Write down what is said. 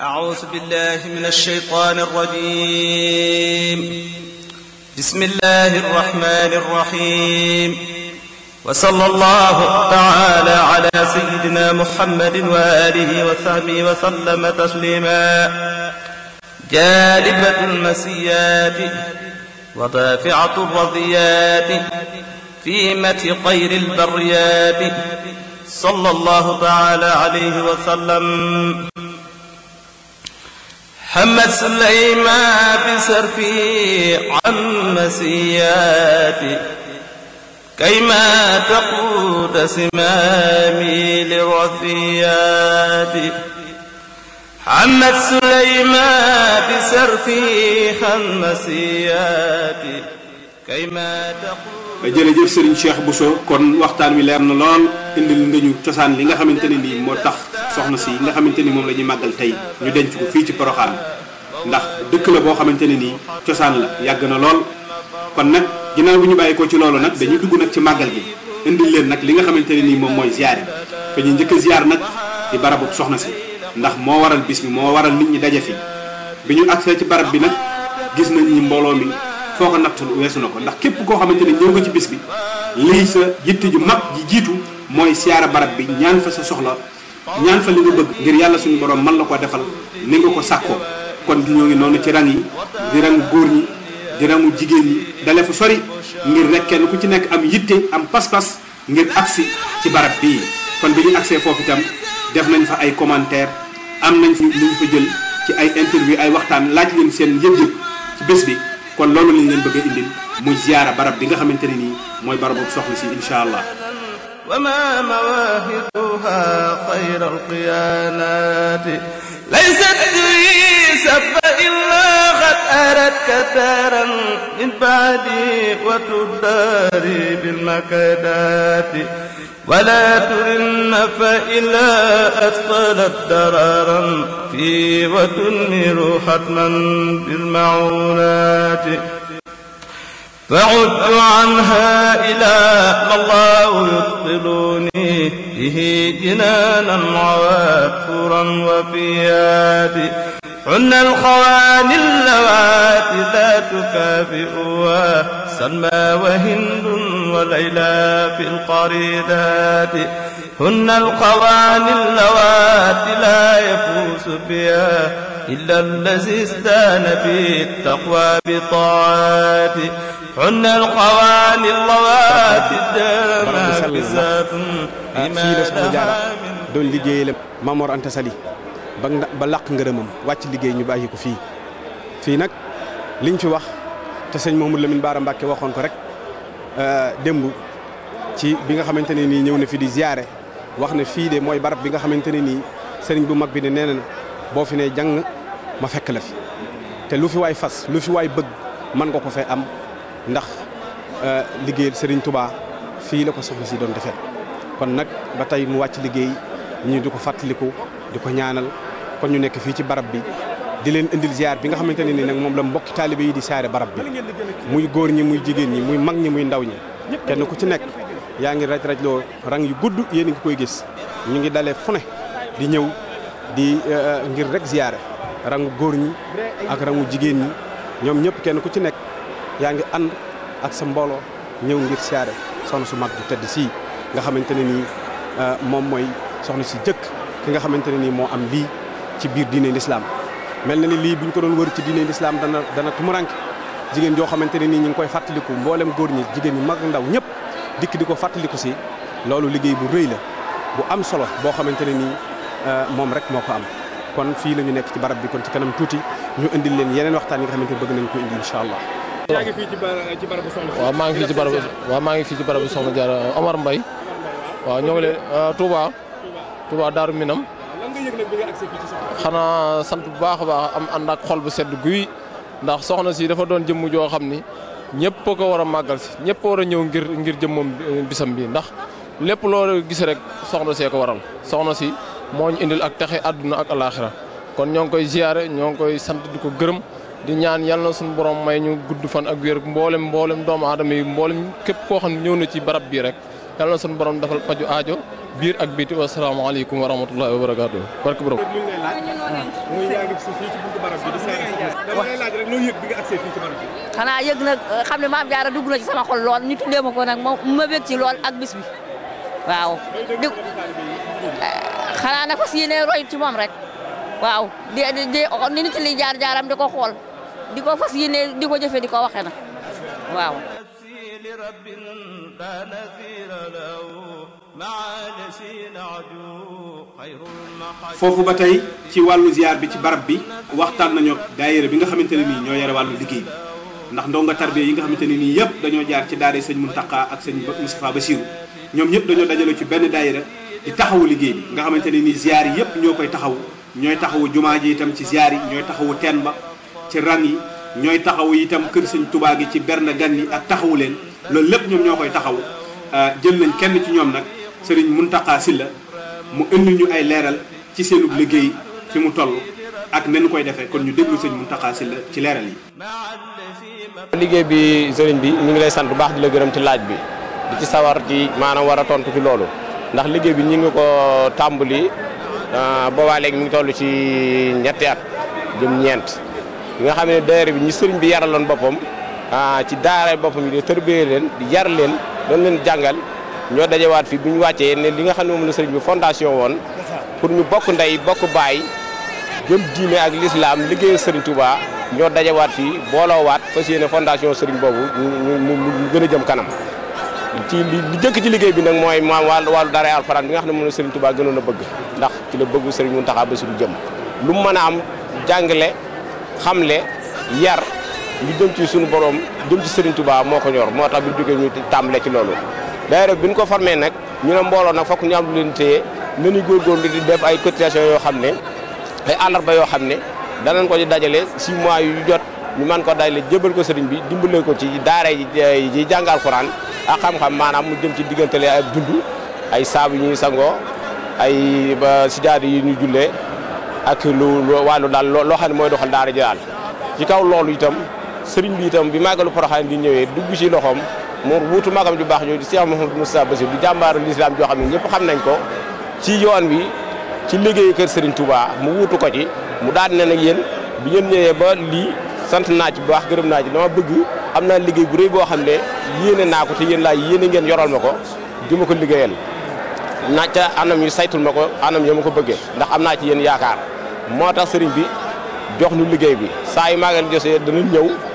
أعوذ بالله من الشيطان الرجيم بسم الله الرحمن الرحيم وصلى الله تعالى على سيدنا محمد وآله وصحبه وسلم تسليما جالبة المسيات ودافعة الرضيات في مت خير البريات صلى الله تعالى عليه وسلم حمد سليما بصرفي عن مسياتي كيما تقود سمامي لرثياتي حمد سليما بصرفي عن مسياتي كيما تقود jërëjëf Serigne bu Bousso kon waxtaan wi leer na lool indil nga cosaan li nga xamante ni nii moo tax soxna si nga xamante ni moom la ñuy màggal tey ñu denc ko fii ci Porokhane ndax dëkk la boo xamante ni nii cosaan la yàgg na lool. kon nag ginnaaw bi ñu bàyyi ko ci loolu nag dañuy dugg nag ci màggal bi indil leen nag li nga xamante ne nii moom mooy ziar yi fa ñuy njëkk a ziar nag di barabu soxna si ndax moo waral bis mi moo waral nit ñi daje fi bi ñu agsee ci barab bi nag gis nañ ni mbooloo mi. foo ko nattu weesu na ko ndax képp koo xamante ne ñëw nga ci bis bi lii sa yitte ju mag ji jiitu mooy siyaara barab bi ñaan fa sa soxla ñaan fa li nga bëgg ngir yàlla suñu borom mën la ko defal ni nga ko sàkkoo kon ñoo ngi noonu ci rang yi di rangu góor ñi di rangu jigéen ñi dale fu sori ngir rek kenn ku ci nekk am yitte am pas-pas ngir agsi ci barab bii kon bi ñu agsee foofu itam def nañ fa ay commentaire am nañ fi lu ñu fa jël ci ay interview ay waxtaan laaj leen seen yëg ci bés bi kon loolu lañ leen bëgg a indil muy ziyaara barab bi nga xamante ne nii mooy barabu soxna si incha allah وما مواهقها خير القيانات ليست لي سب إلا قد أرت كتارا من بعدي وتداري بالمكادات ولا ترن فإلى أثقلت درارا في وتنمر حتما بالمعونات فعدت عنها إلى ما الله يدخلني به جنانا وافورا وفيات حن الخوان اللوات لا تكافئها سلمى وهند وليلى في القريدات هن القواني اللواتي لا يفوز بها إلا الذي استان بالتقوى بطاعات هن القواني اللواتي الدامى بزاف ah, بما لها من doon liggéeyal Mamor Anta Sali ba ba làq ngërëmam wàcc liggéey ñu bàyyi ko fii fii nag liñ fi wax te sëñ Mamadou Lamine Bara Mbacke waxoon ko rek Euh, démb ci bi nga xamante ne nii ñëw na fi di ziare wax na fii de mooy barab bi nga xamante ne nii sëriñ bu mag bi ne nee na boo fi ne jàng ma fekk la fi te lu fi waay fas lu fi waay bëgg mën nga ko fee am ndax euh, liggéeyal sëriñ tubaa fii la ko soxna si doon defee kon nag ba tey mu wàcc liggéey ñu di ko fàttaliku di ko ñaanal kon ñu nekk fii ci barab bi di leen indil ziar bi nga xamante ne ni nag moom la mbokki taalibe yi di saare barab bi muy góor ñi muy jigéen ñi muy mag ñi muy ndaw ñi kenn ku ci nekk yaa ngi raj rajloo rang yu gudd yéen a ngi koy gis ñu ngi dalee fu di ñëw di euh, ngir rek ziar rangu góor ñi ak rangu jigéen ñi ñoom ñëpp kenn ku ci nekk yaa ngi ànd ak sa mbooloo ñëw ngir siyaare soxna su mag bu tedd sii nga xamante ni nii euh, moom mooy soxna si jëkk ki nga xamante ne nii moo am lii ci biir diine lislaam mel na ni lii bu ñu ko doon wër ci diine lislaam dana dana tumuranke jigéen joo xamante ne nii ñu ngi koy fàttaliku mboolem góor ñi jigéen ñi mag ndaw ñëpp dikk di ko fàttaliku si loolu liggéey bu rëy la bu am solo boo xamante ne nii euh, moom rek moo ko am kon fii la ñu nekk ci barab bi kon ci kanam tuuti ñu indi leen yeneen waxtaan yi nga xamante bëgg nañ ko indil incha allah. yaa ngi fii maa ngi fii ci barabu waaw maa ngi fii ci barabu soxna Diarra Omar Mbaye waaw ñoo ngi leen euh, Touba Touba Daaru Minam xanaa sant bu baax a baax am ànd ak xol bu sedd guy ndax soxna si dafa doon jëmm joo xam ni ñëpp ko war a màggal si ñëpp war a ñëw ngir ngir jëmmam eh, bisam bii ndax lépp loo gis rek soxna see ko waral soxna si moo ñu indil ak texe àdduna ak alaaxira kon ñoo ngi koy ziyaare ñoo ngi koy sant di ko gërëm di ñaan yal na suñu borom may ñu gudd fan ak wér mboolem mboolem doomu aadama yi mboolem képp koo xam ne ñëw na ci barab bii rek yàlla na suñu borom defal faju aajo biir ak biiti wasalaamaaleykum wa rahmatullahi wa barakaatu. barke borom. ñu ngi ah, xanaa yëg nag euh, xam ne maam jaara dugg na sama xol lool ñu tuddee nag ma ma ci lool ak bis waaw. di euh, xanaa na fas yéene roy ci moom rek waaw di di jaar jaaram di ko xool di ko fas yéene di ko jëfee di ko waxee na waaw. لرب لا نذير له foofu ba tey ci wàllu ziar bi ci barab bi waxtaan nañu ak daayira bi nga xamante ne nii ñoo yore wàllu liggéey bi ndax ndonga tarbiya yi nga xamante ne nii yëpp dañoo jaar ci daara sëñ Muntaqa ak sëñ Moustapha Bassirou ñoom ñëpp dañoo dajale ci benn daayira di taxawu liggéey bi nga xamante ne nii ziar yëpp ñoo koy taxawu ñooy taxawu jumaa ji itam ci ziar yi ñooy taxawu teen ba ci rang yi ñooy taxawu itam kër sëñ Tubaa gi ci berne gan yi ak taxawu leen loolu lépp ñoom ñoo koy taxaw euh, jël nañ kenn ci ñoom nag sëriñ Muntaqa Silla mu indi ñu ay leeral ci seenub liggéey ci mu toll ak nañu koy defee kon ñu déglu sëriñ Muntaqa Silla ci leeral yi. liggéey bi sëriñ bi ñu ngi lay sant bu baax di la gërëm ci laaj bi di ci sawar ci maanaam war a tontu ci loolu ndax liggéey bi ñu ngi ko tàmbali euh, boobaa léegi mi ngi toll ci ñetti at jëm ñeent. nga xam ne daayira bi ñi sëriñ bi yaraloon boppam. Ah, ci daara boppam di tërbiyee leen di yar leen doon leen jàngal ñoo dajewaat fi bu ñu wàccee ne li nga xam ne moom la sëriñ bi fondation woon pour ñu bokk ndey bokk baay gëm diine ak lislaam liggéey sëriñ Touba ñoo dajewaat fii booloowaat fas yéene fondation sëriñ boobu mu gën jëm kanam ci li jëkk ci liggéey bi nag mooy maam wàllu daara alxuraan bi nga xam ne moom la sëriñ Touba gënoon a bëgg ndax ci la bëggu sëriñ Mountakha Bassirou jëm lu mu mën a am jàngale xamle yar li jëm ci suñu borom jëm ci Serigne Touba moo ko ñor moo tax bi jógee ñu tàmbale ci loolu rek bi ñu ko formé nag ñu ne mbooloo nag fokk ñu am lu leen téye nañu góorgóorlu di def ay cotisation yoo xam ne ay àllarba yoo xam ne danañ ko ci dajale 6 mois yu jot ñu man ko dajale jëbal ko sëriñ bi dimbale ko ci daara yi jàngal Alxuraan ak xam-xam maanaam mu jëm ci diggantale ak dund ay saabu ñu ñuy sangoo ay sijaada yi ñu jullee ak lu wàllu daal loo xam ne mooy doxal daara ji daal ci kaw loolu itam sëriñ bi itam bi màggalu poroxaan di ñëwee dugg ci loxoom moom wuutu magam ju baax yooyu di Cheikh Mouhamadou Moustapha Bassirou di jàmbaaru lislaam joo xam ne ñëpp xam nañ ko ci yoon wi ci liggéey kër sëriñ Touba mu wuutu ko ci mu daan ne nag yéen bi ngeen ñëwee ba lii sant naaj bu baax gërëm naaj ci dama bëgg am naa liggéey bu rëy boo xam ne yéene naa ko te yéen laa yéene ngeen yoral ma ko di ma ko liggéeyal naa ca anam yu saytul ma ko anam ya ma ko bëggee ndax am naa ci yéen yaakaar moo tax sëriñ bi jox nu liggéey bi saa yu maagal josee dana ñëw